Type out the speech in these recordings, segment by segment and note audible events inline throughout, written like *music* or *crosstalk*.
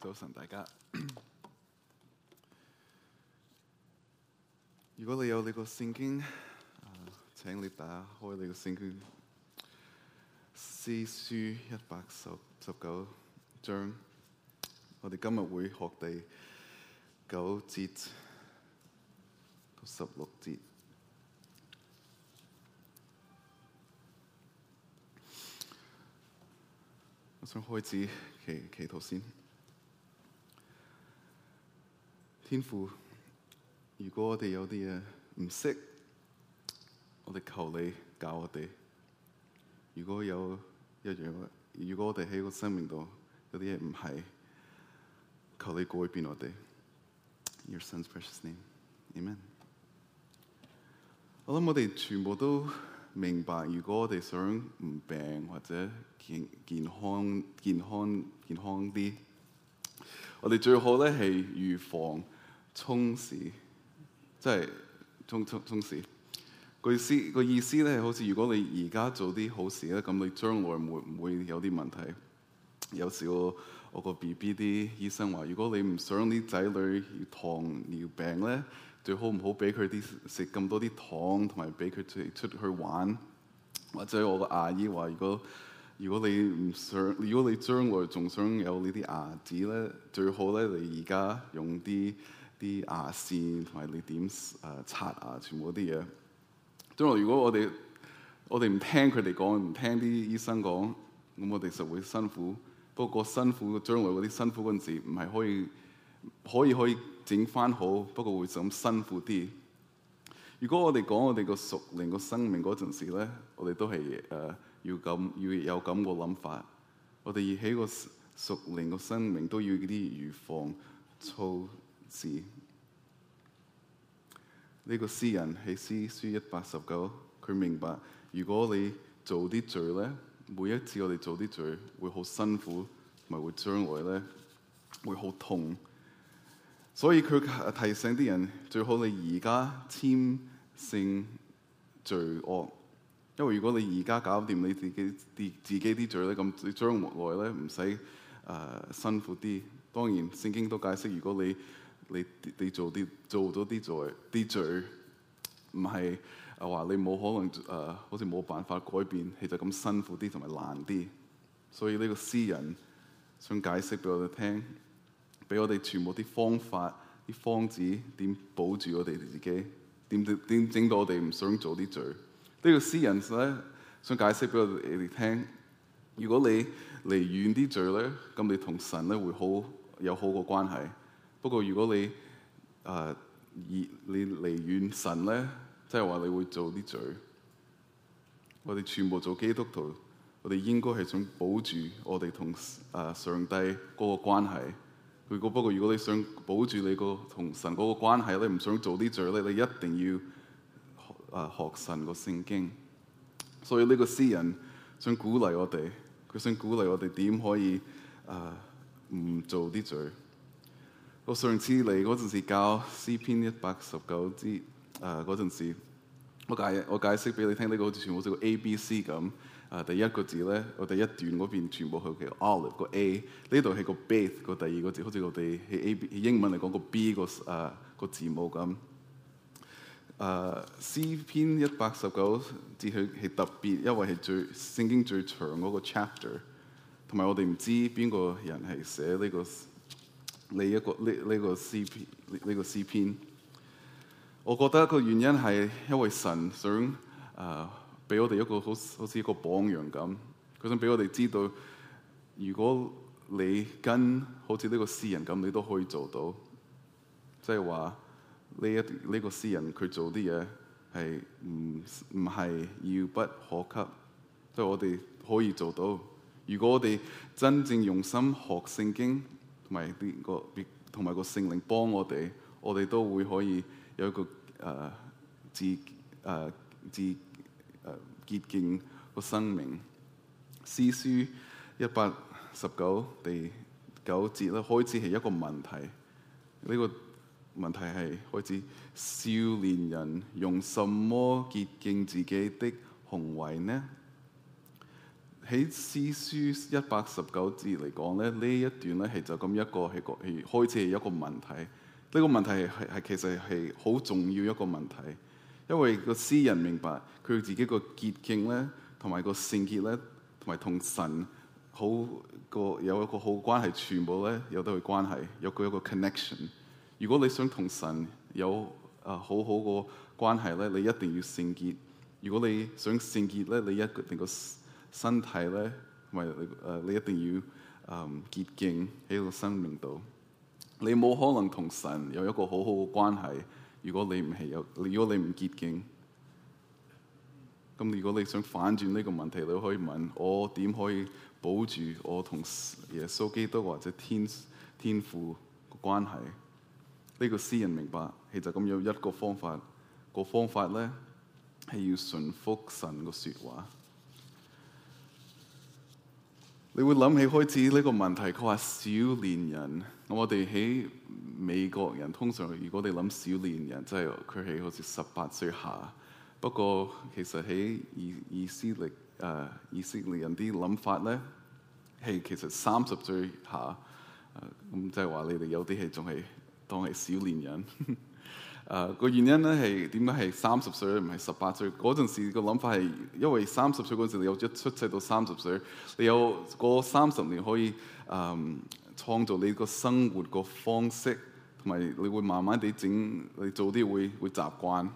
早晨大家， *coughs* 如果你有呢個聖經，請你打開你個聖經。詩書一百十十九章，我哋今日會學第九節到十六節。我想開始祈祈禱先。天父，如果我哋有啲嘢唔識，我哋求你教我哋。如果有，有一樣，如果我哋喺個生命度有啲嘢唔係，求你改變我哋。Your Son's precious name, Amen。我諗我哋全部都，明白，如果我哋想唔病或者健健康健康健康啲，我哋最好咧係預防衝事，即係衝衝衝事。個意思個意思咧，好似如果你而家做啲好事咧，咁你將來會唔會有啲問題？有時我個 B B 啲醫生話，如果你唔想啲仔女糖尿病咧。最好唔好俾佢啲食咁多啲糖，同埋俾佢出出去玩。或者我個阿姨話，如果如果你唔想，如果你將來仲想有呢啲牙齒咧，最好咧，你而家用啲啲牙線同埋你點誒刷牙，全部啲嘢。將來如果我哋我哋唔聽佢哋講，唔聽啲醫生講，咁我哋就會辛苦。不過辛苦，將來嗰啲辛苦嗰陣時，唔係可以，可以可以。整返好，不過會咁辛苦啲。如果我哋講我哋個熟練個生命嗰陣時咧，我哋都係誒、呃、要咁要有咁個諗法。我哋而起個熟練個生命都要啲預防措施。呢、呢個詩人喺詩書一百十九，佢明白，如果你做啲罪咧，每一次我哋做啲罪會好辛苦，咪埋會將來咧會好痛。所以佢提醒啲人，最好你而家簽聖罪惡，因為如果你而家搞掂你自己啲自己啲罪咧，咁你將來咧唔使誒辛苦啲。當然聖經都解釋，如果你你你做啲做咗啲罪啲罪，唔係話你冇可能誒、呃，好似冇辦法改變，其實咁辛苦啲同埋難啲。所以呢個詩人想解釋俾我哋聽。俾我哋全部啲方法、啲方子，點保住我哋自己？點點整到我哋唔想做啲罪？這個、詩呢個詩人咧想解釋俾我哋你哋聽：如果你離遠啲罪咧，咁你同神咧會好有好嘅關係。不過如果你啊熱、呃，你離遠神咧，即係話你會做啲罪。我哋全部做基督徒，我哋應該係想保住我哋同啊上帝嗰個關係。不過，如果你想保住你個同神嗰個關係咧，唔想做啲罪咧，你一定要學啊、呃、學神個聖經。所以呢個詩人想鼓勵我哋，佢想鼓勵我哋點可以啊唔、呃、做啲、這、罪、個。我、呃、上次嚟嗰陣時教詩篇一百十九節啊，嗰陣時我，我解我解釋俾你聽，呢、這個好似全部識個 A B C 咁。啊！第一個字咧，我第一段嗰邊全部係叫 Olive 個 A，呢度係個 Beth 個第二個字，好似我哋喺 A B, 英文嚟講個 B 個、uh, 啊個字母咁。啊、uh,，詩篇一百十九節去係特別，因為係最聖經最長嗰個 chapter，同埋我哋唔知邊個人係寫呢、呢個呢一、呢個呢呢、呢個詩、呢個、篇呢、呢個詩篇。我覺得個原因係因為神想啊。Uh, 俾我哋一個好好似一個榜樣咁，佢想俾我哋知道，如果你跟好似呢個詩人咁，你都可以做到。即係話呢一呢個詩、這個、人佢做啲嘢係唔唔係遙不可及，即係我哋可以做到。如果我哋真正用心學聖經同埋啲個同埋個聖靈幫我哋，我哋都會可以有一個誒自誒自。呃自潔淨個生命，詩書一百十九第九節咧，開始係一個問題。呢、這個問題係開始，少年人用什麼潔淨自己的行為呢？喺詩書一百十九節嚟講咧，呢一段咧係就咁一個係個係開始係一個問題。呢、這個問題係係其實係好重要一個問題。因為個詩人明白佢自己個潔淨咧，同埋個聖潔咧，同埋同神好個有一個好關係，全部咧有得嘅關係，有個一個 connection。如果你想同神有啊好好個關係咧，你一定要聖潔。如果你想聖潔咧，你一定個身體咧，同埋你一定要啊潔淨喺個生命度。你冇可能同神有一個好好嘅關係。如果你唔係有，如果你唔潔淨，咁如果你想反轉呢個問題，你可以問我點可以保住我同耶穌基督或者天天父嘅關係。呢、這個詩人明白，其實咁樣一個方法，個方法咧係要順服神個說話。你會諗起開始呢個問題，佢話少年人。我哋喺美國人通常，如果你諗少年人，即係佢係好似十八歲下。不過其實喺以，以色列誒、呃、以色列人啲諗法咧，係其實三十歲下。咁、呃、即係話你哋有啲係仲係當係少年人。 *laughs* 誒個、uh, 原因咧係點解係三十歲唔係十八歲嗰陣時個諗法係，因為三十歲嗰陣時你有，一出世到三十歲，你有過三十年可以誒、um, 創造你個生活個方式，同埋你會慢慢地整你早啲會會習慣，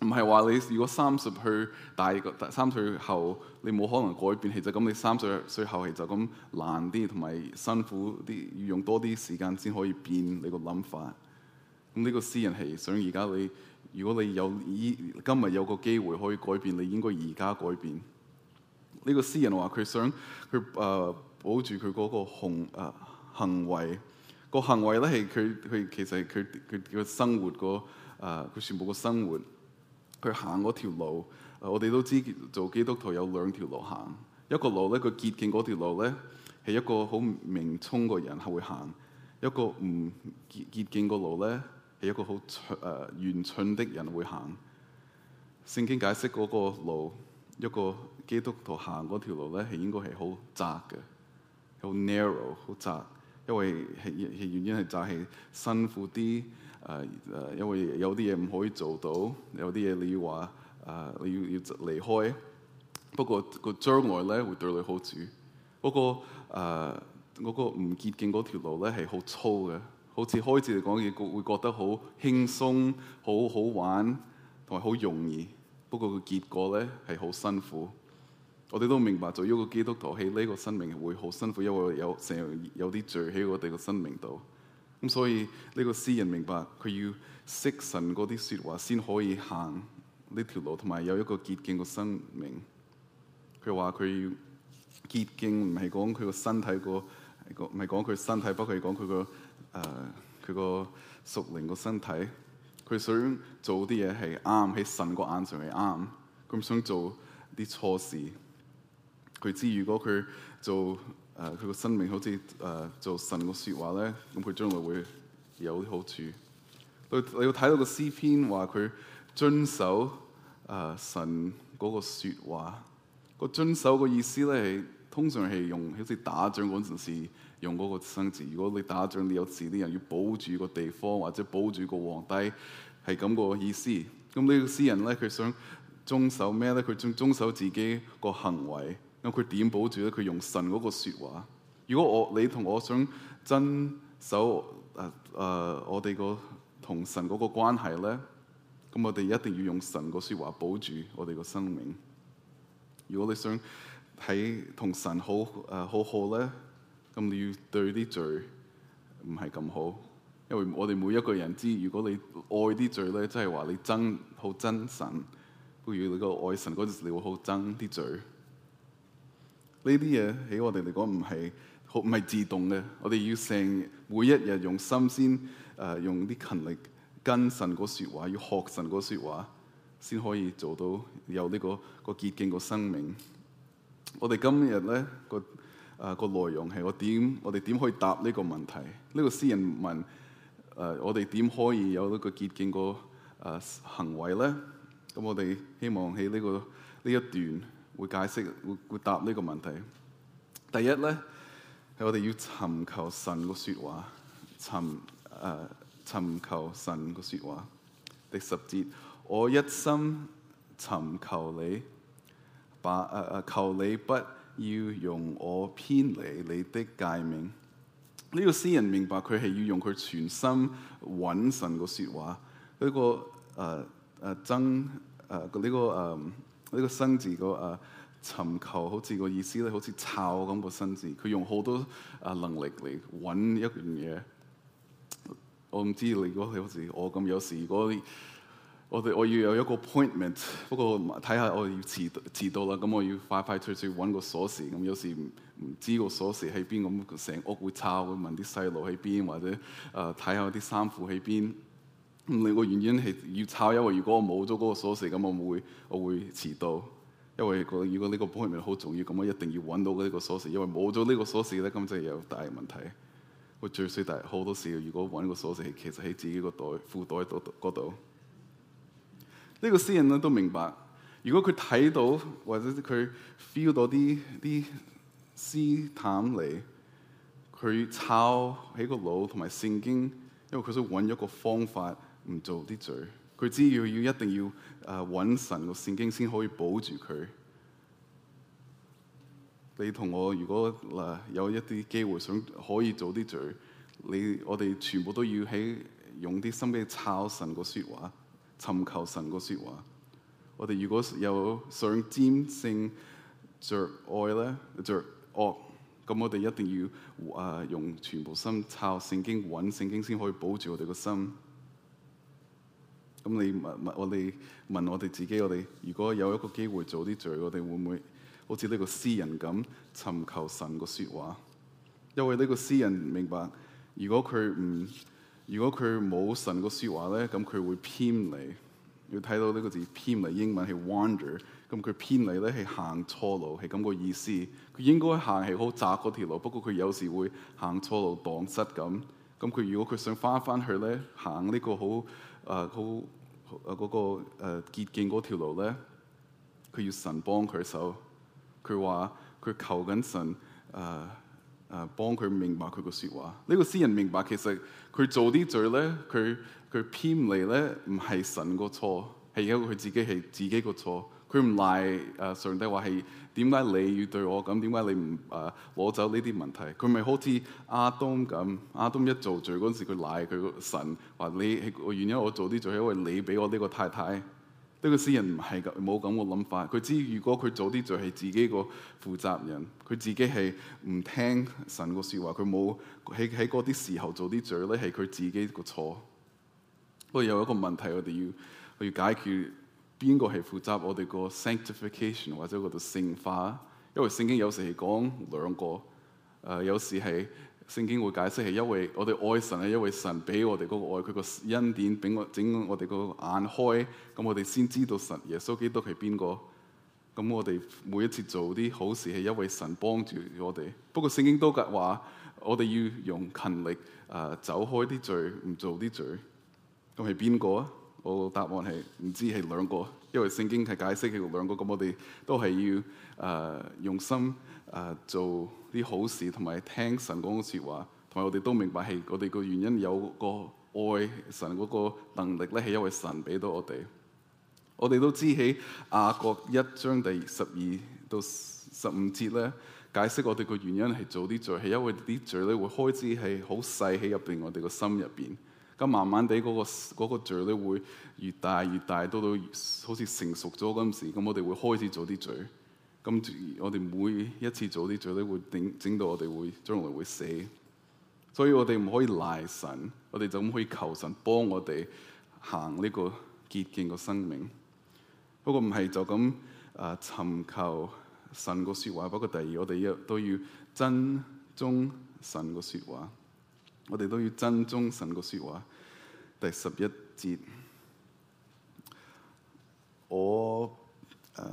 唔係話你如果三十去大三歲後，你冇可能改變，其實就咁、是。你三十歲後係就咁難啲，同埋辛苦啲，要用多啲時間先可以變你個諗法。呢個詩人係想而家你，如果你有依今日有個機會可以改變，你應該而家改變。呢、這個詩人話佢想佢誒、呃、保住佢嗰個行誒、呃、行為，這個行為咧係佢佢其實佢佢個生活個誒佢全部個生活，佢行嗰條路，我哋都知做基督徒有兩條路行，一個路咧佢潔淨嗰條路咧係一個好明聰個人係會行，一個唔潔潔淨個路咧，係一個好長誒純的人會行。聖經解釋嗰個路，一個基督徒行嗰條路咧，係應該係好窄嘅，好 narrow，好窄。因為係係原因係就係辛苦啲誒誒，因為有啲嘢唔可以做到，有啲嘢你要話誒、呃、你要要離開。不過個將來咧會對你好處。嗰、呃那個誒唔潔淨嗰條路咧係好粗嘅。好似開始嚟講，嘢會覺得好輕鬆、好好玩同埋好容易。不過個結果咧係好辛苦。我哋都明白，做一個基督徒喺呢、這個生命係會好辛苦，因為有成日有啲罪喺我哋個生命度。咁、嗯、所以呢、這個詩人明白，佢要識神嗰啲説話先可以行呢條路，同埋有一個潔淨個生命。佢話佢潔淨唔係講佢個身體個，唔係講佢身體，不過係講佢個。誒，佢個、uh, 熟靈個身體，佢想做啲嘢，係啱喺神個眼上係啱，佢唔想做啲錯事，佢知如果佢做誒佢個生命好似誒、呃、做神個說話咧，咁佢將來會有啲好處。你你要睇到個詩篇話佢遵守誒、呃、神嗰個說話，個遵守個意思咧係通常係用好似打仗嗰陣時。用嗰個生字，如果你打仗，你有字啲人要保住個地方，或者保住個皇帝，係咁個意思。咁呢個詩人咧，佢想遵守咩咧？佢遵遵守自己個行為。咁佢點保住咧？佢用神嗰個説話。如果我你同我想遵守誒誒、呃呃、我哋個同神嗰個關係咧，咁我哋一定要用神個説話保住我哋個生命。如果你想喺同神好誒、呃、好好咧，咁你要對啲罪唔係咁好，因為我哋每一個人知，如果你愛啲罪咧，即係話你憎好憎神，不如你個愛神嗰陣時你會好憎啲罪。呢啲嘢喺我哋嚟講唔係好唔係自動嘅，我哋要成每一日用心先誒、呃，用啲勤力跟神個説話，要學神個説話，先可以做到有呢、呢個、呢個潔淨、呢個生命我。我哋今日咧個。誒、呃，那個內容係我點，我哋點可以答呢個問題？呢、這個詩人問，誒、呃、我哋點可以有呢個潔淨個誒行為咧？咁我哋希望喺呢、這個呢一段會解釋，會會答呢個問題。第一咧係我哋要尋求神個説話，尋誒、呃、尋求神個説話。第十節，我一心尋求你，把誒誒求你不。要用我偏離你的誡命，呢、這個詩人明白佢係要用佢全心揾神個說話。呢、這個誒誒曾誒呢個誒呢、呃這個生字個誒、呃、尋求，好似個意思咧，好似抄咁個生字。佢用好多誒能力嚟揾一樣嘢。我唔知你如果你你好似我有時我咁有時如果。我哋我要有一個 appointment，不過睇下我要遲遲到啦，咁我要快快脆脆揾個鎖匙。咁有時唔知個鎖匙喺邊，咁成屋會抄，會問啲細路喺邊，或者誒睇下啲衫褲喺邊。咁、呃、另外原因係要抄，因為如果我冇咗嗰個鎖匙，咁我冇會我會遲到。因為如果呢個 appointment 好重要，咁我一定要揾到呢啲個鎖匙。因為冇咗呢個鎖匙咧，咁就有大問題。我最衰大好多時，如果揾個鎖匙，其實喺自己個袋褲袋度度。個詩呢個詩人咧都明白，如果佢睇到或者佢 feel 到啲啲試探嚟，佢抄喺個腦同埋聖經，因為佢想揾一個方法唔做啲罪。佢只要要一定要誒揾、呃、神個聖經先可以保住佢。你同我如果嗱、呃、有一啲機會想可以做啲罪，你我哋全部都要喺用啲心機抄神個説話。尋求神個説話，我哋如果有想戰勝罪愛咧，罪惡，咁我哋一定要誒、呃、用全部心查聖經，揾聖經先可以保住我哋個心。咁你問問我哋問我哋自己，我哋如果有一個機會做啲罪，我哋會唔會好似呢個詩人咁尋求神個説話？因為呢個詩人明白，如果佢唔、嗯如果佢冇神個説話咧，咁佢會偏離。要睇到呢個字，偏離英文係 wander。咁佢偏離咧，係行錯路，係咁個意思。佢應該行係好窄嗰條路，不過佢有時會行錯路，蕩失咁。咁佢如果佢想翻返去咧，行呢個好啊好啊嗰個誒潔淨嗰條路咧，佢要神幫佢手。佢話佢求緊神啊。呃誒幫佢明白佢個説話，呢個詩人明白其實佢做啲罪咧，佢，佢偏離咧，唔係神個錯，係因為佢自己係自己個錯。佢唔賴誒上帝，話係點解你要對我咁？點解你唔誒攞走呢啲問題？佢咪好似亞當咁，亞當一做罪嗰陣時，佢賴佢個神，話你係個原因，我做啲罪係因為你俾我呢個太太。呢個詩人唔係噶，冇咁個諗法。佢知如果佢做啲罪係自己個負責人，佢自己係唔聽神個説話，佢冇喺喺嗰啲時候做啲罪咧係佢自己個錯。不過有一個問題，我哋要我要解決邊個係負責我哋個 sanctification 或者個度聖化？因為聖經有時係講兩個，誒、呃、有時係。聖經會解釋係因為我哋愛神係因為神俾我哋個愛佢個恩典，俾我整我哋個眼開，咁我哋先知道神耶穌基督係邊個。咁我哋每一次做啲好事係因為神幫住我哋。不過聖經都話我哋要用勤力，誒、呃、走開啲罪，唔做啲罪。咁係邊個啊？我個答案係唔知係兩個，因為聖經係解釋係兩個。咁我哋都係要誒、呃、用心。誒，做啲好事，同埋聽神講嘅説話，同埋我哋都明白係我哋個原因有個愛神嗰個能力咧，係因為神俾到我哋。我哋都知喺阿國一章第十二到十五節咧，解釋我哋個原因係做啲罪，係因為啲罪咧會開始係好細喺入邊我哋個心入邊。咁慢慢地嗰個嗰個罪咧會越大越大，到到好似成熟咗嗰陣時，咁我哋會開始做啲罪。咁我哋每一次早啲做啲會整整到我哋會將來會死，所以我哋唔可以賴神，我哋就咁可以求神幫我哋行呢個潔淨個生命。不過唔係就咁啊尋求神個說話，不過第二我哋要都要珍重神個說話，我哋都要珍重神個說話。第十一節，我。誒，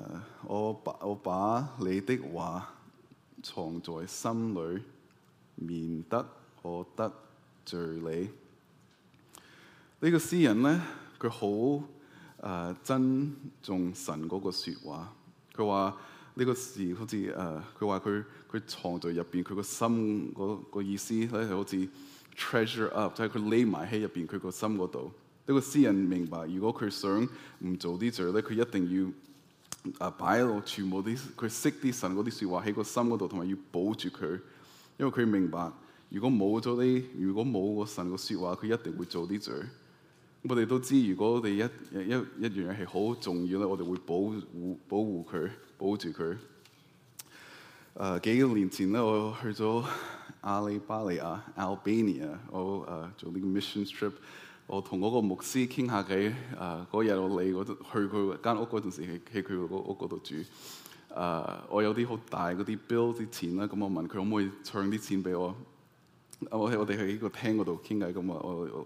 我把、uh, 我把你的話藏在心裏，免得我得罪你。呢、這個詩人咧，佢好誒珍重神嗰個說話。佢話呢個詩好似誒，佢話佢佢藏在入邊，佢個心嗰個意思咧，好似 treasure up，即係佢匿埋喺入邊，佢個心嗰度。呢、這個詩人明白，如果佢想唔做啲罪咧，佢一定要。啊！擺喺度，全部啲佢識啲神嗰啲説話喺個心嗰度，同埋要保住佢，因為佢明白，如果冇咗啲，如果冇個神個説話，佢一定會做啲罪。我哋都知，如果我哋一一一,一,一樣嘢係好重要咧，我哋會保護保護佢，保住佢。誒、啊，幾年前咧，我去咗阿利巴利亞 （Albania） 我做呢個 mission trip。我同嗰個牧師傾下偈，誒嗰日我嚟去佢間屋嗰陣時，係喺佢個屋嗰度住。誒、呃，我有啲好大嗰啲 bill 啲錢啦，咁我問佢可唔可以唱啲錢俾我,、呃、我,我？我我哋喺個廳嗰度傾偈，咁我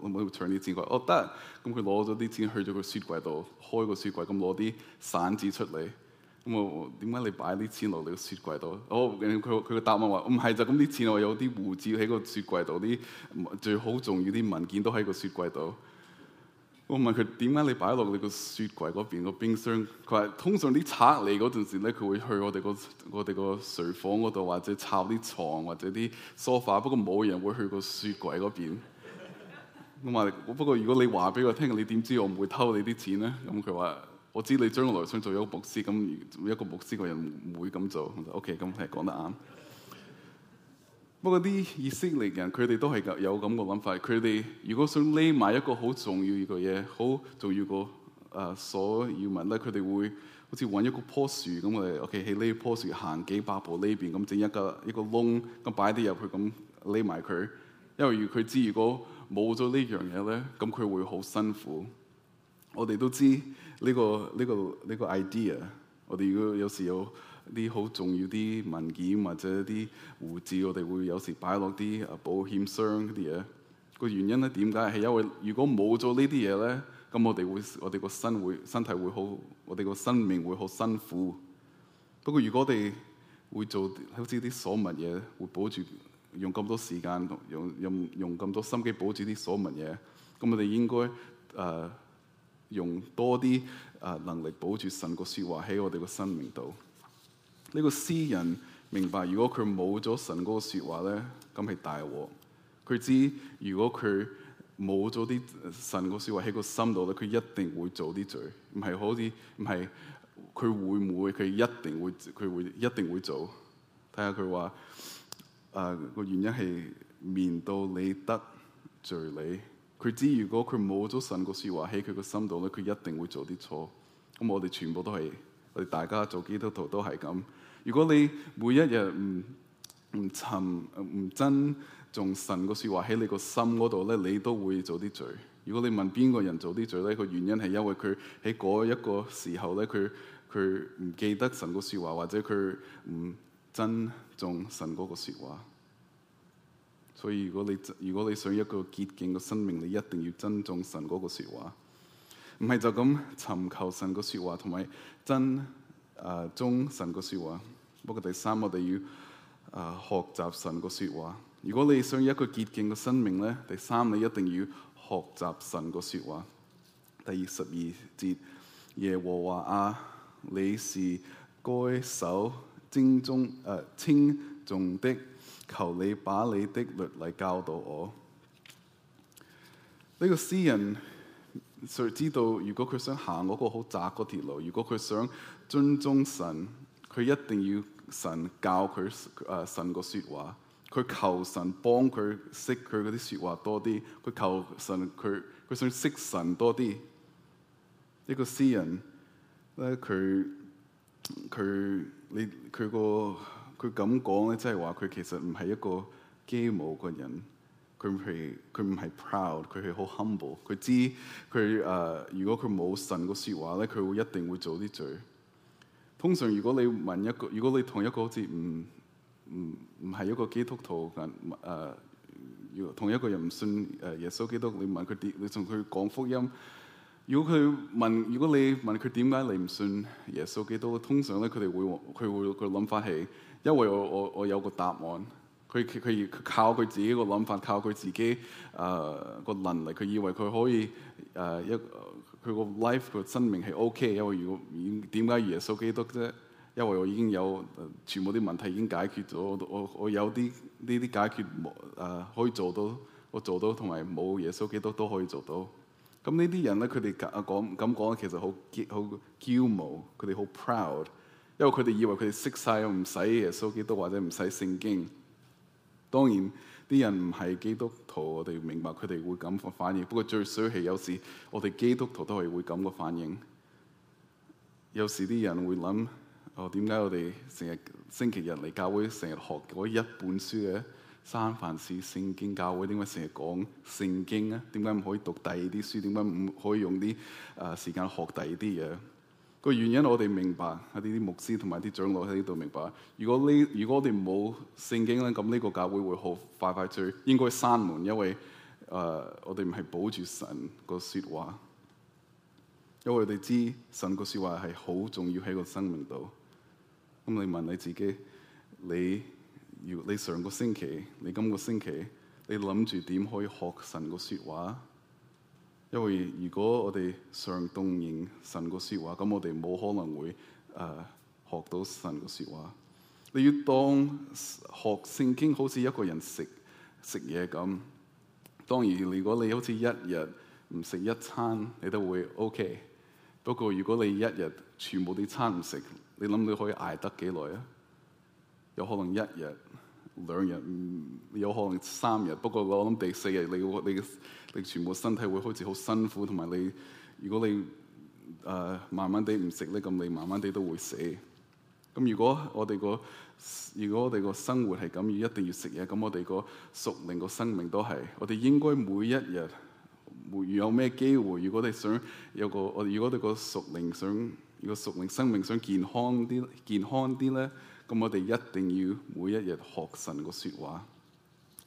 我可唔可以唱啲錢？佢、哦、話：哦得，咁佢攞咗啲錢去咗個雪櫃度，開個雪櫃，咁攞啲散紙出嚟。咁我，點解你擺啲錢落你個雪櫃度？我，佢佢個答案話唔係，就咁啲錢，我有啲護照喺個雪櫃度，啲最好重要啲文件都喺個雪櫃度。我問佢，點解你擺落你個雪櫃嗰邊個冰箱？佢話通常啲賊嚟嗰陣時咧，佢會去我哋個我哋個睡房嗰度，或者摷啲床，或者啲梳化。不過冇人會去個雪櫃嗰邊。咁啊， *laughs* 不過如果你話俾我聽，你點知我唔會偷你啲錢咧？咁佢話。我知你將來想做一個牧師，咁一個牧師個人唔會咁做。OK，咁係講得啱。 *laughs* 不過啲以色列人，佢哋都係有咁個諗法。佢哋如果想匿埋一個好重要嘅嘢，呃，好重要個誒所要問咧，佢哋會好似搵一個棵樹咁我哋 OK，喺呢棵樹行幾百步呢邊，咁整一個一個窿，咁擺啲入去咁匿埋佢。因為佢知如果冇咗呢樣嘢咧，咁佢會好辛苦。我哋都知。呢個呢個呢個 idea，我哋如果有時有啲好重要啲文件或者啲護照，我哋會有時擺落啲啊保險箱嗰啲嘢。個原因咧點解係因為如果冇咗呢啲嘢咧，咁我哋會我哋個身會身體會好，我哋個生命會好辛苦。不過如果我哋會做好似啲鎖密嘢，會保住用咁多時間同用用用咁多心機保住啲鎖密嘢，咁我哋應該誒。呃用多啲啊能力保住神個說話喺我哋個生命度。呢、這個詩人明白，如果佢冇咗神嗰個說話咧，咁係大禍。佢知如果佢冇咗啲神個說話喺個心度咧，佢一定會做啲罪。唔係好似唔係，佢會唔會？佢一定會，佢會一定會做。睇下佢話，誒、呃、個原因係面到你得罪你。佢知如果佢冇咗神個說話喺佢個心度咧，佢一定會做啲錯，咁我哋全部都係，我哋大家做基督徒都係咁。如果你每一日唔唔尋唔珍重神個説話喺你個心嗰度咧，你都會做啲罪。如果你問邊個人做啲罪咧，個原因係因為佢喺嗰一個時候咧，佢佢唔記得神個說話或者佢唔珍重神嗰個説話。所以如果你如果你想一個潔淨嘅生命，你一定要珍重神嗰個説話，唔係就咁尋求神個説話，同埋珍誒重、呃、神個説話。不過第三，我哋要誒、呃、學習神個説話。如果你想一個潔淨嘅生命咧，第三你一定要學習神個説話。第二十二節，耶和華啊，你是該守稱頌誒稱頌的。求你把你的律例教導我。呢個詩人，誰知道？如果佢想行嗰個好窄嗰條路，如果佢想尊重神，佢一定要神教佢，誒，神個説話。佢求神幫佢識佢嗰啲説話多啲。佢求神，佢佢想識神多啲。呢個詩人咧，佢佢你佢個。佢咁講咧，即係話佢其實唔係一個驕傲個人，佢唔係佢唔係 proud，佢係好 humble。佢 hum 知佢誒、呃，如果佢冇神個説話咧，佢會一定會做啲罪。通常如果你問一個，如果你同一個好似唔唔唔係一個基督徒人誒、嗯呃，同一個人唔信誒耶穌基督，你問佢啲，你同佢講福音。如果佢問，如果你問佢點解你唔信耶穌基督，通常咧佢哋會佢會個諗法係，因為我我我有個答案。佢佢佢靠佢自己個諗法，靠佢自己誒個、呃、能力。佢以為佢可以誒一佢個 life 個生命係 OK。因為如果點解耶穌基督啫？因為我已經有、呃、全部啲問題已經解決咗。我我有啲呢啲解決冇誒、呃、可以做到，我做到同埋冇耶穌基督都可以做到。咁呢啲人咧，佢哋講咁講，其實好嬌好驕傲，佢哋好 proud，因為佢哋以為佢哋識晒，唔使耶穌基督或者唔使聖經。當然啲人唔係基督徒，我哋明白佢哋會咁反應，反而不過最衰係有時我哋基督徒都係會咁個反應。有時啲人會諗：「哦，點解我哋成日星期日嚟教會，成日學嗰一本書嘅？」三藩市聖經教會點解成日講聖經咧？點解唔可以讀第二啲書？點解唔可以用啲啊、呃、時間學第二啲嘢？個原因我哋明白，一啲啲牧師同埋啲長老喺呢度明白。如果呢，如果我哋冇聖經咧，咁呢個教會會好快快最應該閂門，因為啊、呃，我哋唔係保住神個説話，因為我哋知神個説話係好重要喺個生命度。咁你問你自己，你？如果你上個星期，你今個星期，你諗住點可以學神個說話？因為如果我哋上動應神個說話，咁我哋冇可能會誒、呃、學到神個說話。你要當學聖經好似一個人食食嘢咁。當然，如果你好似一日唔食一餐，你都會 OK。不過，如果你一日全部啲餐唔食，你諗你可以捱得幾耐啊？有可能一日、兩日，有可能三日。不過我諗第四日，你會你你全部身體會開始好辛苦，同埋你如果你誒、呃、慢慢地唔食咧，咁你慢慢地都會死。咁如果我哋個如果我哋個生活係咁，要一定要食嘢，咁我哋個屬靈個生命都係。我哋應該每一日，如果有咩機會，如果你想有個我，如果我個屬靈想，如果屬靈生命想健康啲，健康啲咧。咁我哋一定要每一日學神個說話。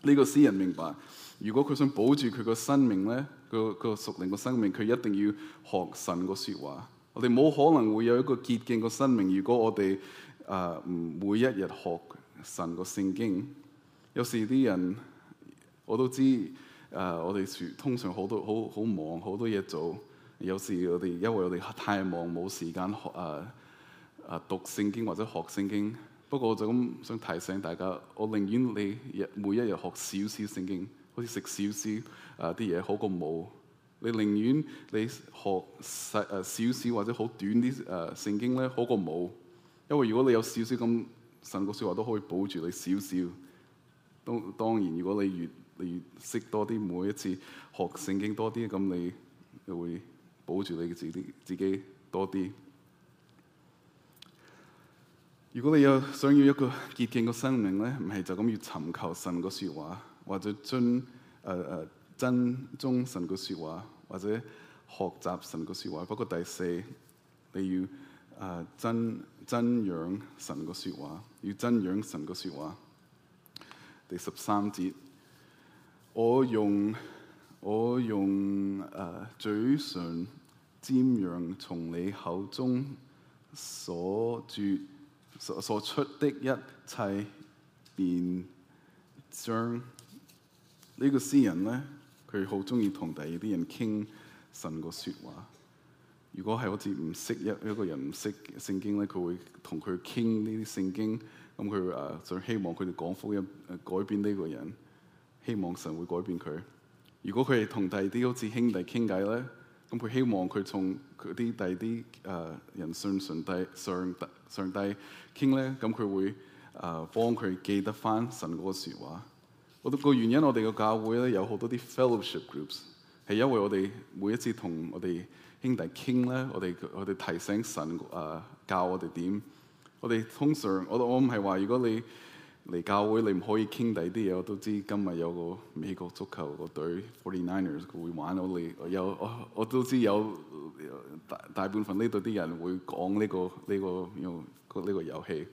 呢個詩人明白，如果佢想保住佢個生命咧，佢個屬靈個生命，佢一定要學神個說話。我哋冇可能會有一個潔淨個生命。如果我哋誒唔每一日學神個聖經，有時啲人我都知誒、呃，我哋通常好多好好忙，好多嘢做。有時我哋因為我哋太忙，冇時間學誒誒讀聖經或者學聖經。不過就咁想提醒大家，我寧願你日每一日學少少聖經，好似食少少誒啲嘢，呃、好過冇。你寧願你學細誒少少或者好短啲誒聖經咧，好過冇。因為如果你有少少咁神嘅説話，都可以保住你少少。當當然，如果你越你越識多啲，每一次學聖經多啲，咁你就會保住你自己自己多啲。如果你有想要一個潔淨嘅生命咧，唔係就咁要尋求神嘅説話，或者遵，誒誒遵從神嘅説話，或者學習神嘅説話。不過第四，你要誒珍珍養神嘅説話，要珍養神嘅説話。第十三節，我用我用誒、呃、嘴唇傳揚從你口中所出。所出的一切，便將呢個詩人咧，佢好中意同第二啲人傾神個説話。如果係好似唔識一一個人唔識聖經咧，佢會同佢傾呢啲聖經。咁佢誒就希望佢哋講福音，改變呢個人，希望神會改變佢。如果佢哋同第二啲好似兄弟傾偈咧。咁佢希望佢同佢啲第二啲誒人信上帝、上帝上帝傾咧，咁佢會誒、呃、幫佢記得翻神嗰個說話，我哋個原因，我哋個教會咧有好多啲 fellowship groups，係因為我哋每一次同我哋兄弟傾咧，我哋我哋提醒神誒、呃、教我哋點。我哋通常我我唔係話如果你。嚟教會你唔可以傾第啲嘢，我都知。今日有個美國足球個隊 Forty Niners 佢會玩我哋，我有我我都知有大大部分呢度啲人會講呢個呢個用呢個遊戲。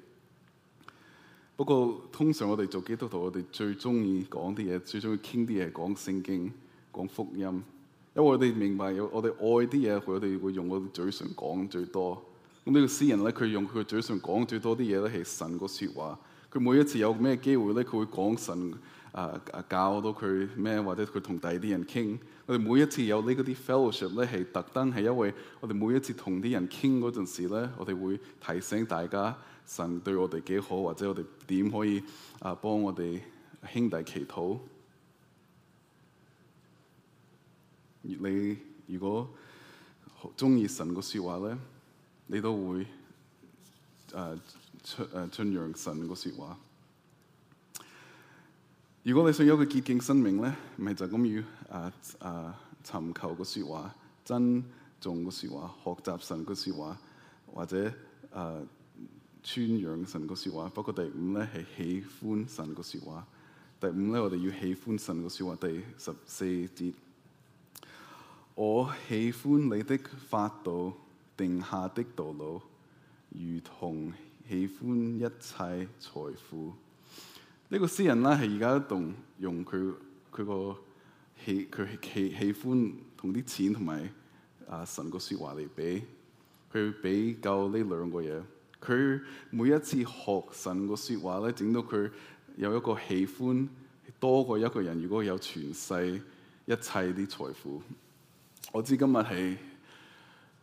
不過通常我哋做基督徒，我哋最中意講啲嘢，最中意傾啲嘢，講聖經、講福音，因為我哋明白，我我哋愛啲嘢，佢哋會用我嘴唇講最多。咁呢個詩人咧，佢用佢嘅嘴唇講最多啲嘢咧，係神個説話。佢每一次有咩機會咧，佢會講神啊、呃、教到佢咩，或者佢同第二啲人傾。我哋每一次有呢啲 fellowship 咧，係特登係因為我哋每一次同啲人傾嗰陣時咧，我哋會提醒大家神對我哋幾好，或者我哋點可以啊、呃、幫我哋兄弟祈禱。你如果中意神嘅説話咧，你都會誒。呃傳傳揚神個説話，如果你想有一個潔淨生命咧，咪就咁要誒誒尋求個説話，珍重個説話，學習神個説話，或者誒傳揚神個説話。不過第五咧係喜歡神個説話。第五咧我哋要喜歡神個説話。第十四節，我喜歡你的法度定下的道路，如同。喜歡一切財富呢、這個詩人咧，係而家動用佢佢個喜佢喜喜歡同啲錢同埋啊神個說話嚟比，去比較呢兩個嘢。佢每一次學神個說話咧，整到佢有一個喜歡多過一個人。如果有全世一切啲財富，我知今日係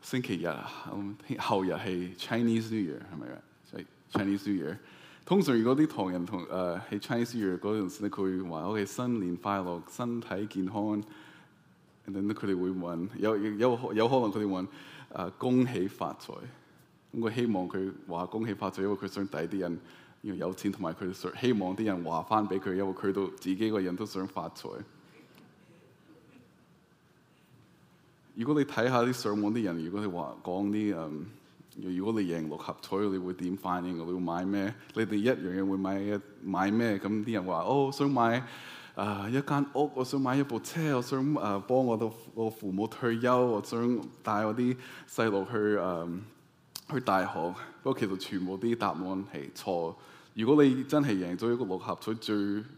星期日，後日係 Chinese New Year 係咪啊？Chinese New Year，通常如果啲唐人同誒喺、uh, hey、Chinese New Year 嗰陣時咧，佢會話：我哋新年快樂，身體健康。然後佢哋會問，有有有可能佢哋問誒恭喜發財。咁我希望佢話恭喜發財，因為佢想抵啲人，因為有錢，同埋佢想希望啲人話翻俾佢，因為佢都自己個人都想發財。如果你睇下啲上網啲人，如果你話講啲誒。如果你贏六合彩，你會點反應？我會買咩？你哋一樣嘢會買買咩？咁啲人話：哦，我想買啊、呃、一間屋，我想買一部車，我想誒幫、呃、我到我父母退休，我想帶我啲細路去誒、呃、去大學。不過其實全部啲答案係錯。如果你真係贏咗一個六合彩，最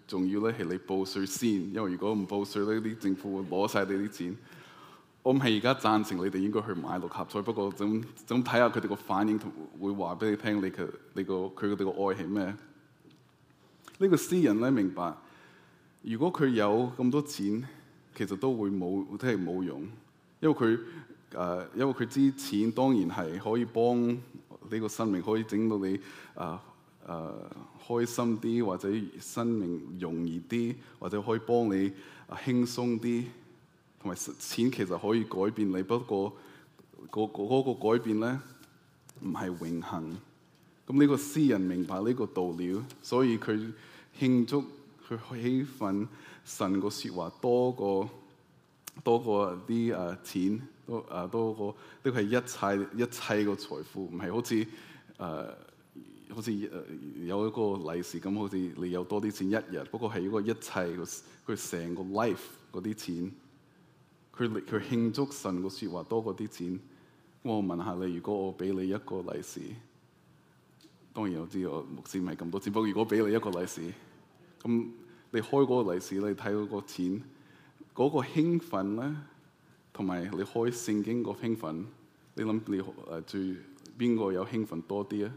重要咧係你報稅先，因為如果唔報稅呢啲政府會攞晒你啲錢。我唔係而家贊成你哋應該去買六合彩，不過咁咁睇下佢哋個反應同會話俾你聽，你嘅你個佢哋個愛係咩？呢、這個詩人咧明白，如果佢有咁多錢，其實都會冇，即係冇用。因為佢誒、呃，因為佢啲錢當然係可以幫呢個生命可以整到你誒誒、呃呃、開心啲，或者生命容易啲，或者可以幫你輕鬆啲。同埋錢其實可以改變你，不過個個嗰個改變咧唔係永恆。咁呢個詩人明白呢個道理，所以佢慶祝佢喜歡神個説話多過多過啲啊錢，多啊多過呢個係一切一切個財富，唔係好似誒、啊、好似有一個利是咁，好似你有多啲錢一日，不過係一個一切佢成個 life 嗰啲錢。佢佢慶祝神個説話多過啲錢。我問下你，如果我俾你一個利是，當然我知我牧師咪咁多錢。不過如果俾你一個利是，咁你開嗰個利是，你睇嗰個錢，嗰、那個興奮咧，同埋你開聖經個興奮，你諗你誒最邊個有興奮多啲咧？呢、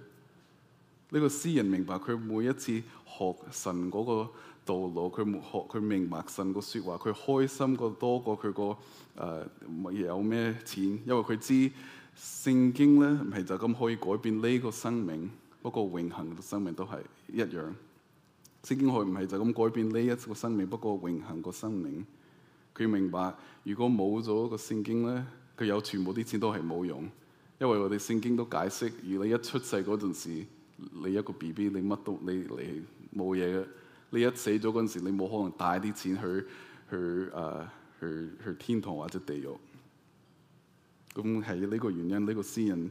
這個詩人明白佢每一次學神嗰、那個。道路佢冇學，佢明白神個說話，佢開心過多過佢個誒，冇、呃、嘢，有咩錢，因為佢知聖經咧唔係就咁可以改變呢個生命，不過永恆個生命都係一樣。聖經可以唔係就咁改變呢一個生命，不過永恆個生命，佢明白如果冇咗個聖經咧，佢有全部啲錢都係冇用，因為我哋聖經都解釋，如你一出世嗰陣時，你一個 BB，你乜都你你冇嘢嘅。你一死咗嗰陣時，你冇可能帶啲錢去去誒、uh, 去去天堂或者地獄。咁係呢個原因，呢、這個詩人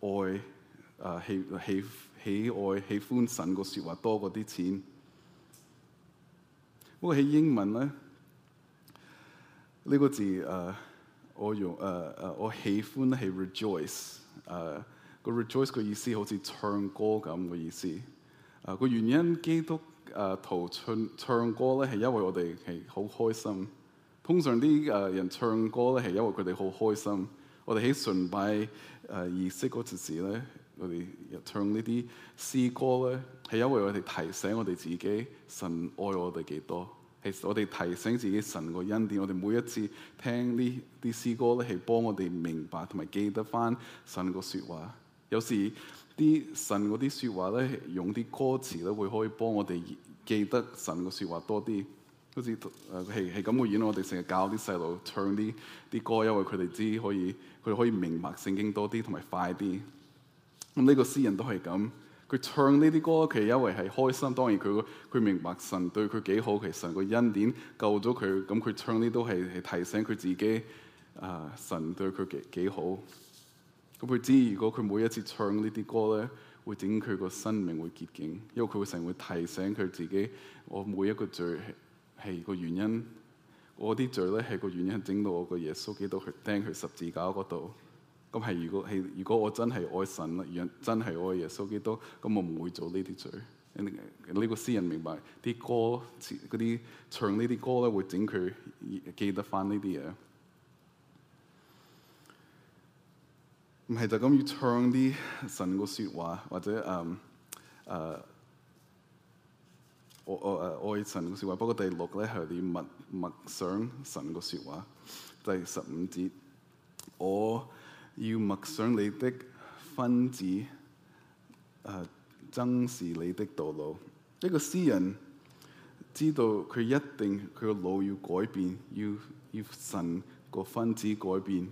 愛誒、uh, 喜喜喜愛喜歡神個説話多過啲錢。不過喺英文咧，呢、這個字誒、uh, 我用誒誒，uh, uh, 我喜歡係 rejoice 誒個 rejoice 個意思好似唱歌咁個意思。啊個原因基督。誒陶、啊、唱唱歌咧，係因為我哋係好開心。通常啲誒人唱歌咧，係因為佢哋好開心。我哋喺崇拜誒儀式嗰陣時咧，我哋又唱呢啲詩歌咧，係因為我哋提醒我哋自己神愛我哋幾多。係我哋提醒自己神個恩典。我哋每一次聽呢啲詩歌咧，係幫我哋明白同埋記得翻神個説話。有時。啲神嗰啲説話咧，用啲歌詞咧，會可以幫我哋記得神嘅説話多啲。好似誒係係咁嘅樣，我哋成日教啲細路唱啲啲歌，因為佢哋知可以佢可以明白聖經多啲，同埋快啲。咁、嗯、呢、這個詩人都係咁，佢唱呢啲歌，其實因為係開心。當然佢佢明白神對佢幾好，其實神個恩典救咗佢。咁佢唱呢都係係提醒佢自己，啊、呃、神對佢幾幾好。咁佢知，如果佢每一次唱呢啲歌咧，會整佢個生命會潔淨，因為佢會成日會提醒佢自己：我每一個罪係個原因，我啲罪咧係個原因，整到我個耶穌基督釘去釘佢十字架嗰度。咁係如果係如果我真係愛神啦，真係愛耶穌基督，咁我唔會做呢啲罪。呢個詩人明白啲歌，啲唱呢啲歌咧，會整佢記得返呢啲嘢。唔係就咁要唱啲神嘅說話，或者誒誒愛愛神嘅說話，不過第六咧係要默默想神嘅說話，第十五節，我要默想你的訓詞，誒重視你的道路。一個詩人知道佢一定佢個腦要改變，要要神個訓詞改變。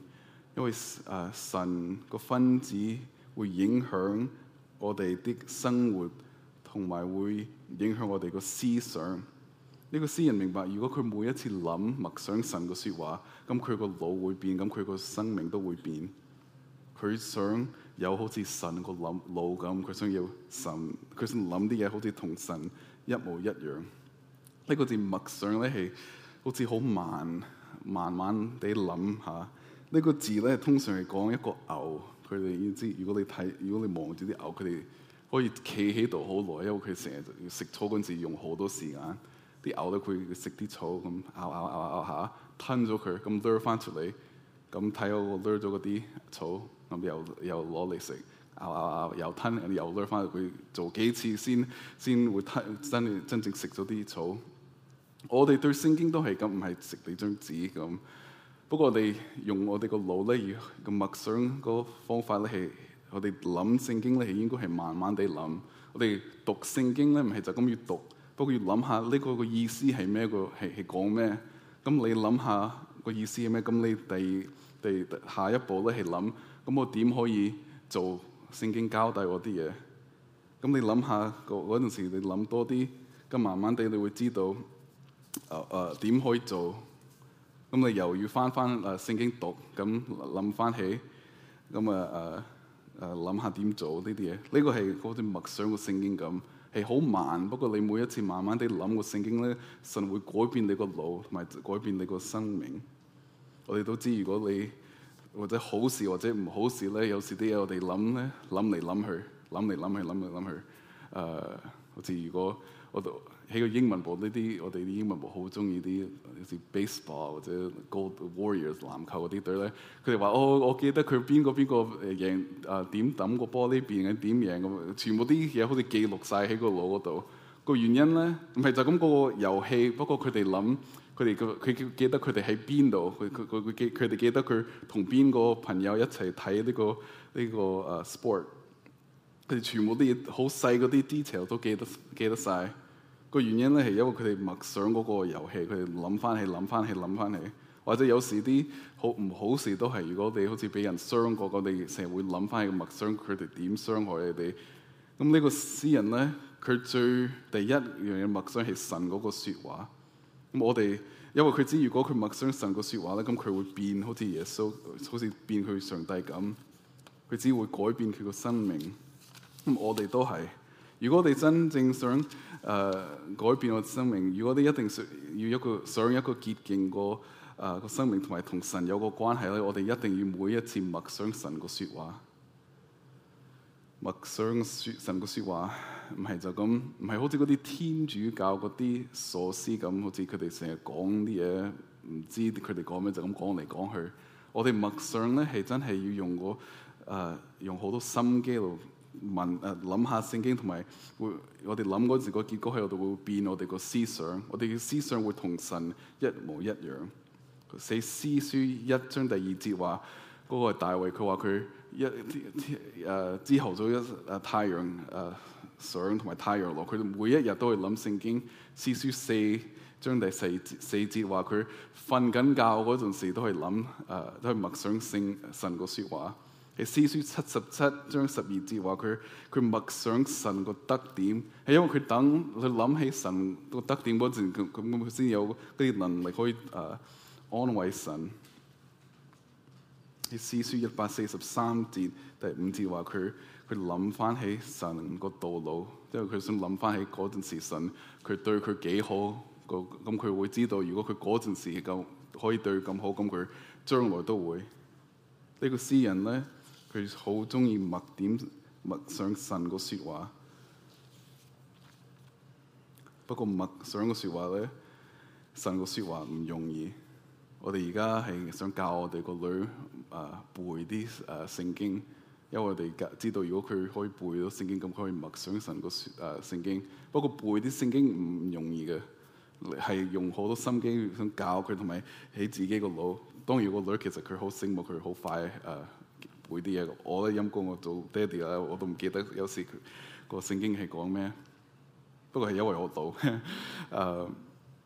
因為誒神個分子會影響我哋啲生活，同埋會影響我哋個思想。呢、這個詩人明白，如果佢每一次諗默想神個說話，咁佢個腦會變，咁佢個生命都會變。佢想有好似神個諗腦咁，佢想要神，佢想諗啲嘢好似同神一模一樣。呢、這個字默想咧係好似好慢，慢慢地諗下。呢個字咧，通常係講一個牛。佢哋要知，如果你睇，如果你望住啲牛，佢哋可以企喺度好耐，因為佢成日要食草嗰陣時用好多時間。啲牛咧，佢會食啲草咁咬咬咬咬下，吞咗佢，咁擰翻出嚟，咁睇我擰咗嗰啲草，咁又又攞嚟食，咬咬咬又吞，又擰翻，佢做幾次先先會吞真真正食咗啲草。我哋對聖經都係咁，唔係食你張紙咁。不過我哋用我哋個腦咧，以個默想個方法咧，係我哋諗聖經咧，係應該係慢慢地諗。我哋讀聖經咧，唔係就咁閲讀，不過要諗下呢個個意思係咩？個係係講咩？咁你諗下個意思係咩？咁你哋第，第下一步咧係諗，咁我點可以做聖經交代嗰啲嘢？咁你諗下嗰嗰陣時你，你諗多啲，咁慢慢地你會知道，誒誒點可以做。咁你又要翻翻誒聖、啊、經讀，咁諗翻起，咁啊誒誒諗下點做呢啲嘢？呢、這個係好似默想嘅聖經咁，係好慢。不過你每一次慢慢啲諗個聖經咧，神會改變你個腦同埋改變你個生命。我哋都知，如果你或者好事或者唔好事咧，有時啲嘢我哋諗咧，諗嚟諗去，諗嚟諗去，諗嚟諗去，誒、呃，或者如果我哋喺個英文部呢啲，我哋啲英文部好中意啲，好似 baseball 或者 Gold Warriors 籃球嗰啲隊咧。佢哋話：哦、oh，我記得佢邊個邊個贏啊、呃？點抌個玻璃邊啊？點贏咁，全部啲嘢好似記錄晒喺個腦嗰度。個原因咧，唔係就咁嗰個遊戲。不過佢哋諗，佢哋佢佢記得佢哋喺邊度。佢佢佢佢記佢哋記得佢同邊個朋友一齊睇呢個呢、這個誒、uh, sport。佢哋全部啲好細嗰啲 detail 都記得記得晒。個原因咧係因為佢哋默想嗰個遊戲，佢哋諗翻起、諗翻起、諗翻起、諗翻起，或者有時啲好唔好事都係，如果你好似俾人傷過，我哋成日會諗翻起個默想。佢哋點傷害你哋。咁呢個詩人咧，佢最第一樣嘢默想係神嗰個説話。咁我哋因為佢知，如果佢默想神個説話咧，咁佢會變好似耶穌，好似變去上帝咁，佢只會改變佢個生命。咁我哋都係。如果我哋真正想誒、呃、改變我哋生命，如果我哋一定想要一個想一個潔淨個誒個生命同埋同神有個關係咧，我哋一定要每一次默想神個説話，默想説神個説話，唔係就咁，唔係好似嗰啲天主教嗰啲所思咁，好似佢哋成日講啲嘢，唔知佢哋講咩就咁講嚟講去。我哋默想咧係真係要用個誒、呃、用好多心機咯。問誒諗、啊、下聖經同埋會，我哋諗嗰陣時個結果喺度會變，我哋個思想，我哋嘅思想會同神一模一樣。寫詩書一章第二節話，嗰、那個係大衛，佢話佢一誒、啊、之後做一誒、啊、太陽誒相同埋太陽落，佢每一日都會諗聖經。詩書四章第四四節話，佢瞓緊覺嗰陣時都係諗誒，都係默想聖神個説話。係詩篇七十七章十二節話佢佢默想神個德點，係因為佢等佢諗起神個德點嗰陣，佢佢先有啲能力可以誒、呃、安慰神。係詩篇一百四十三節第五節話佢佢諗翻起神個道路，因為佢想諗翻起嗰陣時神佢對佢幾好個，咁佢會知道如果佢嗰陣時夠可以對佢咁好，咁佢將來都會呢、呢個詩人咧。佢好中意默點默想神個説話，不過默想個説話咧，神個説話唔容易。我哋而家係想教我哋個女啊、呃、背啲誒聖經，因為我哋知道如果佢可以背到聖經，咁佢可以默想神個誒聖經。不過背啲聖經唔容易嘅，係用好多心機想教佢，同埋喺自己個腦。當然、這個女其實佢好醒目，佢好快誒。呃背啲嘢，我咧陰功我做爹哋啦，我都唔記得有時個聖經係講咩，不過係因為我到。誒、啊，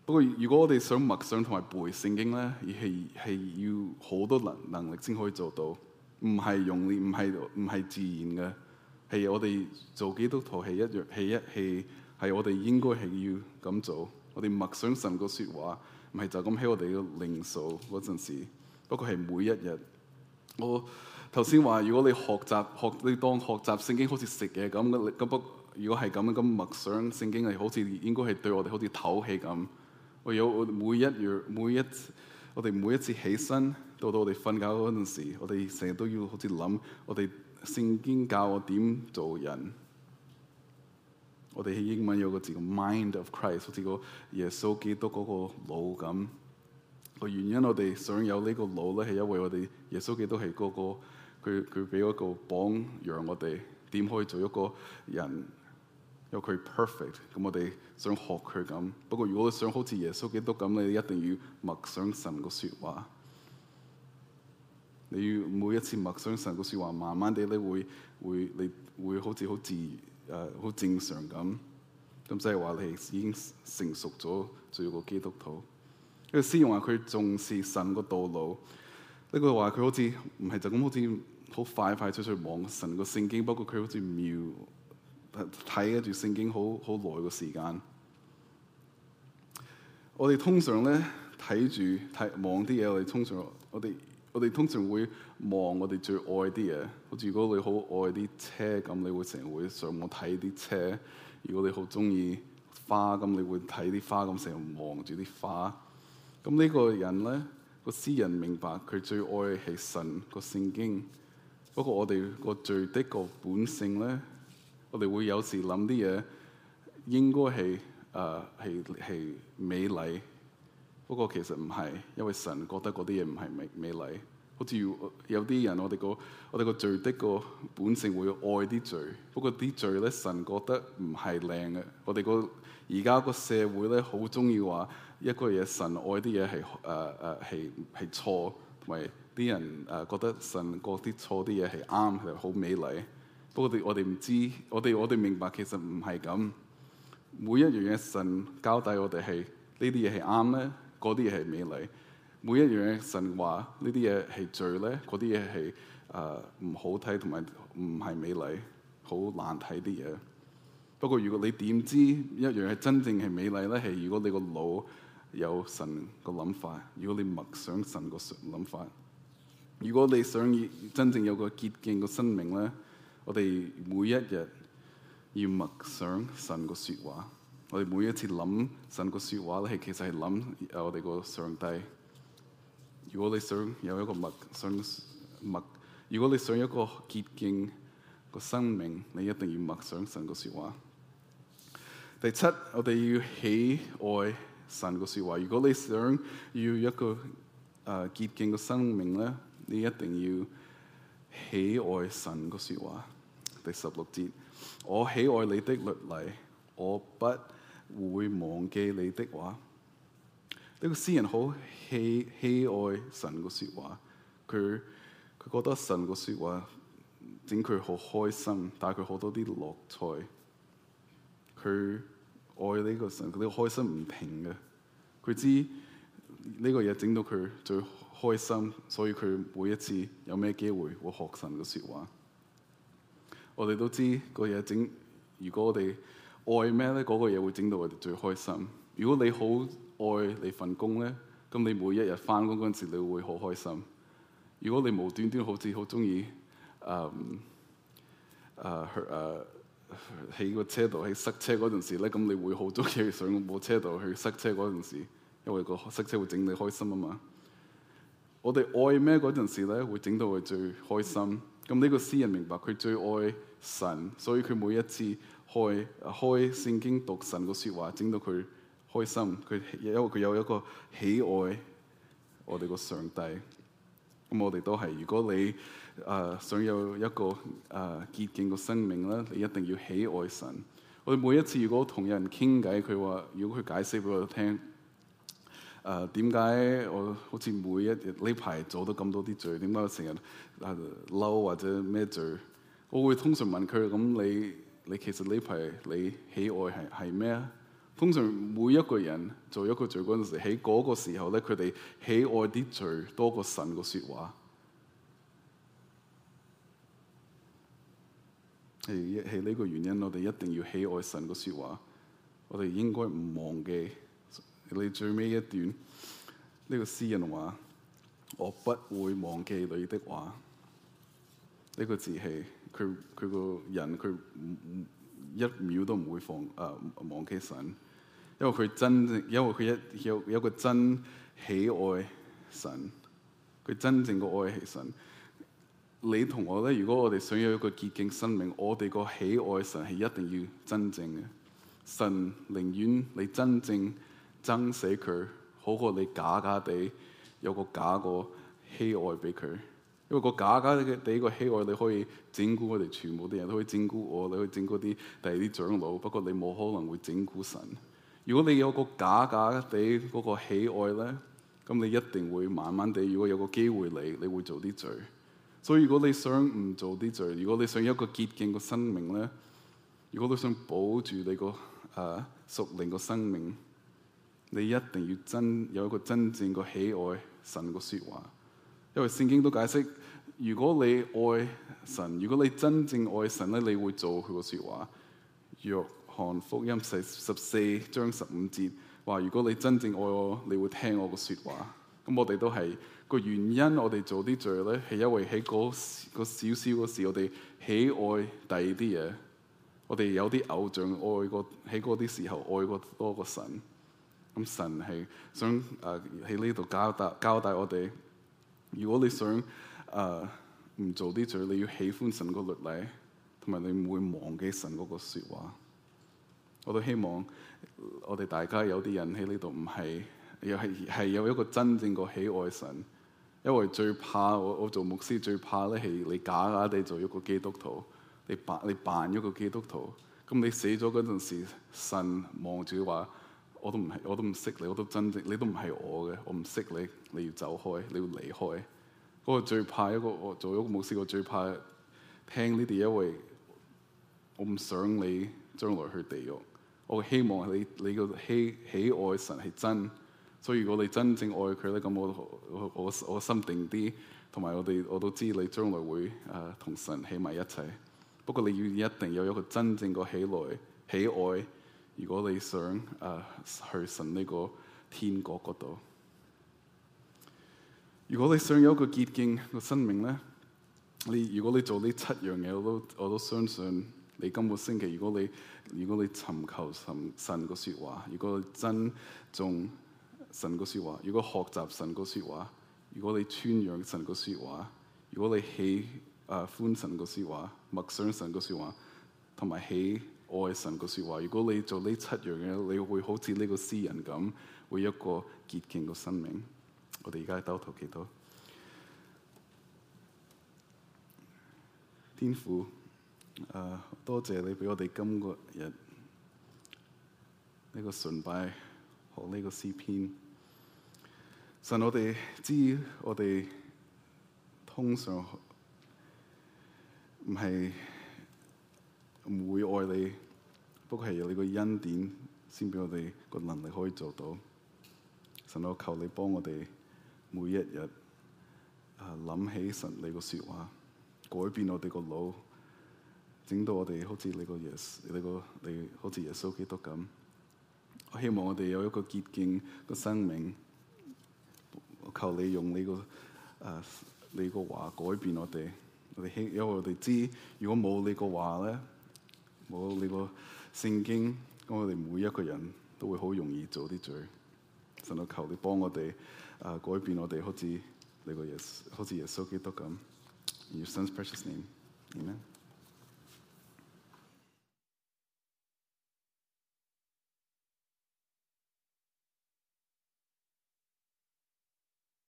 不過如果我哋想默想同埋背聖經咧，係係要好多能能力先可以做到，唔係用唔係唔係自然嘅，係我哋做基督徒係一樣係一係係我哋應該係要咁做，我哋默想神個説話，唔係就咁喺我哋嘅靈數嗰陣時，不過係每一日我。頭先話，如果你學習學你當學習聖經好似食嘢咁，咁不如果係咁，咁默想聖經係好似應該係對我哋好似唞氣咁。我有我每一月每一我哋每一次起身到到我哋瞓覺嗰陣時，我哋成日都要好似諗我哋聖經教我點做人。我哋喺英文有個字叫 Mind of Christ，好似個耶穌基督嗰個腦咁。個原因我哋想有呢個腦咧，係因為我哋耶穌基督係嗰個。佢佢俾一個榜樣，讓我哋點可以做一個人有佢 perfect？咁我哋想學佢咁。不過如果你想好似耶穌基督咁，你一定要默想神個説話。你要每一次默想神個説話，慢慢地你會會你會好似好自然、呃、好正常咁。咁即係話你已經成熟咗做一個基督徒。因為詩人話佢重視神個道路。呢句話佢好似唔係就咁好似。好快快脆脆望神個聖經，不過佢好似妙，睇住聖經，好好耐個時間。我哋通常咧睇住睇望啲嘢，我哋通常我哋我哋通常會望我哋最愛啲嘢。好似如果你好愛啲車咁，你會成日會上網睇啲車；如果你好中意花咁，你會睇啲花咁，成日望住啲花。咁呢個人咧個詩人明白佢最愛係神個聖經。不過我哋個罪的個本性咧，我哋會有時諗啲嘢應該係誒係係美麗，不過其實唔係，因為神覺得嗰啲嘢唔係美美麗。好似有啲人，我哋個我哋個罪的個本性會愛啲罪，不過啲罪咧神覺得唔係靚嘅。我哋個而家個社會咧好中意話一個嘢神愛啲嘢係誒誒係係錯同埋。啲人誒覺得神嗰啲錯啲嘢係啱，其實好美麗。不過我哋唔知，我哋我哋明白其實唔係咁。每一樣嘢神交代我哋係呢啲嘢係啱咧，嗰啲嘢係美麗。每一樣嘢神話呢啲嘢係罪咧，嗰啲嘢係誒唔好睇同埋唔係美麗，好難睇啲嘢。不過如果你點知一,一樣係真正係美麗咧，係如果你個腦有神個諗法，如果你默想神個諗法，如果你想要真正有個潔淨個生命咧，我哋每一日要默想神個說話。我哋每一次諗神個說話咧，係其實係諗我哋個上帝。如果你想有一個默想默，如果你想一個潔淨個生命，你一定要默想神個說話。第七，我哋要喜愛神個說話。如果你想要一個誒潔淨個生命咧，你一定要喜愛神個說話，第十六節，我喜愛你的律例，我不會忘記你的話。呢、這個詩人好喜喜愛神個說話，佢佢覺得神個說話整佢好開心，但係佢好多啲樂趣。佢愛呢個神，佢、這、呢個開心唔平嘅，佢知呢個嘢整到佢最開心，所以佢每一次有咩機會會學神嘅説話。我哋都知個嘢整，如果我哋愛咩咧，嗰個嘢會整到我哋最開心。如果你好愛你份工咧，咁你每一日翻工嗰陣時，你會好開心。如果你無端端好似好中意誒誒誒喺個車度喺塞車嗰陣時咧，咁你會好中意上部車度去塞車嗰陣時，因為個塞車會整你開心啊嘛。我哋愛咩嗰陣時咧，會整到佢最開心。咁呢個詩人明白，佢最愛神，所以佢每一次開開聖經讀神個説話，整到佢開心。佢因為佢有一個喜愛我哋個上帝。咁我哋都係，如果你誒想有一個誒潔淨個生命咧，你一定要喜愛神。我哋每一次如果同人傾偈，佢話如果佢解釋俾我哋聽。誒點解我好似每一日呢排做得咁多啲罪？點解我成日嬲或者咩罪？我會通常問佢：咁你你其實呢排你喜愛係係咩？通常每一個人做一個罪嗰陣時，喺嗰個時候咧，佢哋喜愛啲罪多過神嘅説話。係係呢個原因，我哋一定要喜愛神嘅説話。我哋應該唔忘記。你最尾一段呢、這個詩人話，我不會忘記你的話。呢、這個字係，佢佢個人佢一秒都唔會放誒、呃、忘記神，因為佢真正，因為佢一有有個真喜愛神，佢真正個愛係神。你同我咧，如果我哋想要一個潔淨生命，我哋個喜愛神係一定要真正嘅。神寧願你真正。憎死佢，好過你假假地有個假個喜愛俾佢。因為個假假嘅，地個喜愛，你可以整蠱我哋全部啲人，都可以整蠱我，你可以整蠱啲第二啲長老。不過你冇可能會整蠱神。如果你有個假假地嗰個喜愛咧，咁你一定會慢慢地。如果有個機會你，你會做啲罪。所以如果你想唔做啲罪，如果你想有一個潔淨個生命咧，如果你想保住你個誒屬靈個生命，你一定要真有一個真正嘅喜愛神個說話，因為聖經都解釋，如果你愛神，如果你真正愛神咧，你會做佢個說話。約翰福音十四章十五節話，如果你真正愛我，你會聽我個說話。咁我哋都係個原因，我因小小，我哋做啲罪咧，係因為喺嗰個小小個時，我哋喜愛第二啲嘢，我哋有啲偶像愛過喺嗰啲時候愛過多個神。咁神係想誒喺呢度交代，交代我哋，如果你想誒唔、呃、做啲罪，你要喜歡神嗰律例，同埋你唔會忘記神嗰個説話。我都希望我哋大家有啲人喺呢度唔係，又係係有一個真正個喜愛神，因為最怕我，我做牧師最怕咧，係你假假地做一個基督徒，你扮，你扮一個基督徒，咁你死咗嗰陣時，神望住話。我都唔係，我都唔識你，我都真正你都唔係我嘅，我唔識你，你要走開，你要離開。嗰個最怕一個我做一個牧師，我最怕聽呢啲，因為我唔想你將來去地獄。我希望你你個喜喜愛神係真，所以如果你真正愛佢咧，咁我我我心定啲，同埋我哋我都知你將來會誒同、呃、神喺埋一齊。不過你要一定要有一個真正個喜來喜愛。喜愛。如果你想、呃、去神呢個天國嗰度，如果你想有一個潔淨嘅生命咧，你如果你做呢七樣嘢，我都我都相信你今個星期，如果你如果你尋求神神嘅説話，如果你珍重神嘅説話，如果學習神嘅説話，如果你傳揚神嘅説話，如果你喜誒、呃、歡神嘅説話，默想神嘅説話，同埋喜。愛神個説話，如果你做呢七樣嘢，你會好似呢個詩人咁，會一個潔淨個生命。我哋而家兜頭祈禱，天父，誒、啊，多謝你俾我哋今個日、這個日呢個崇拜和呢個詩篇。神，我哋知我哋通常唔係。唔會愛你，不過係你個恩典先俾我哋個能力可以做到。神，我求你幫我哋每一日諗、啊、起神你個說話，改變我哋個腦，整到我哋好似你個耶、yes,，你個你好似耶穌基督咁。我希望我哋有一個潔淨個生命。我求你用你個誒、啊，你個話改變我哋。我哋希因為我哋知，如果冇你個話咧。我呢個聖經，咁我哋每一個人都會好容易做啲罪。神啊，求你幫我哋啊改變我哋，好似呢個耶穌，好似耶穌基督咁，以神嘅寶貴名，阿門。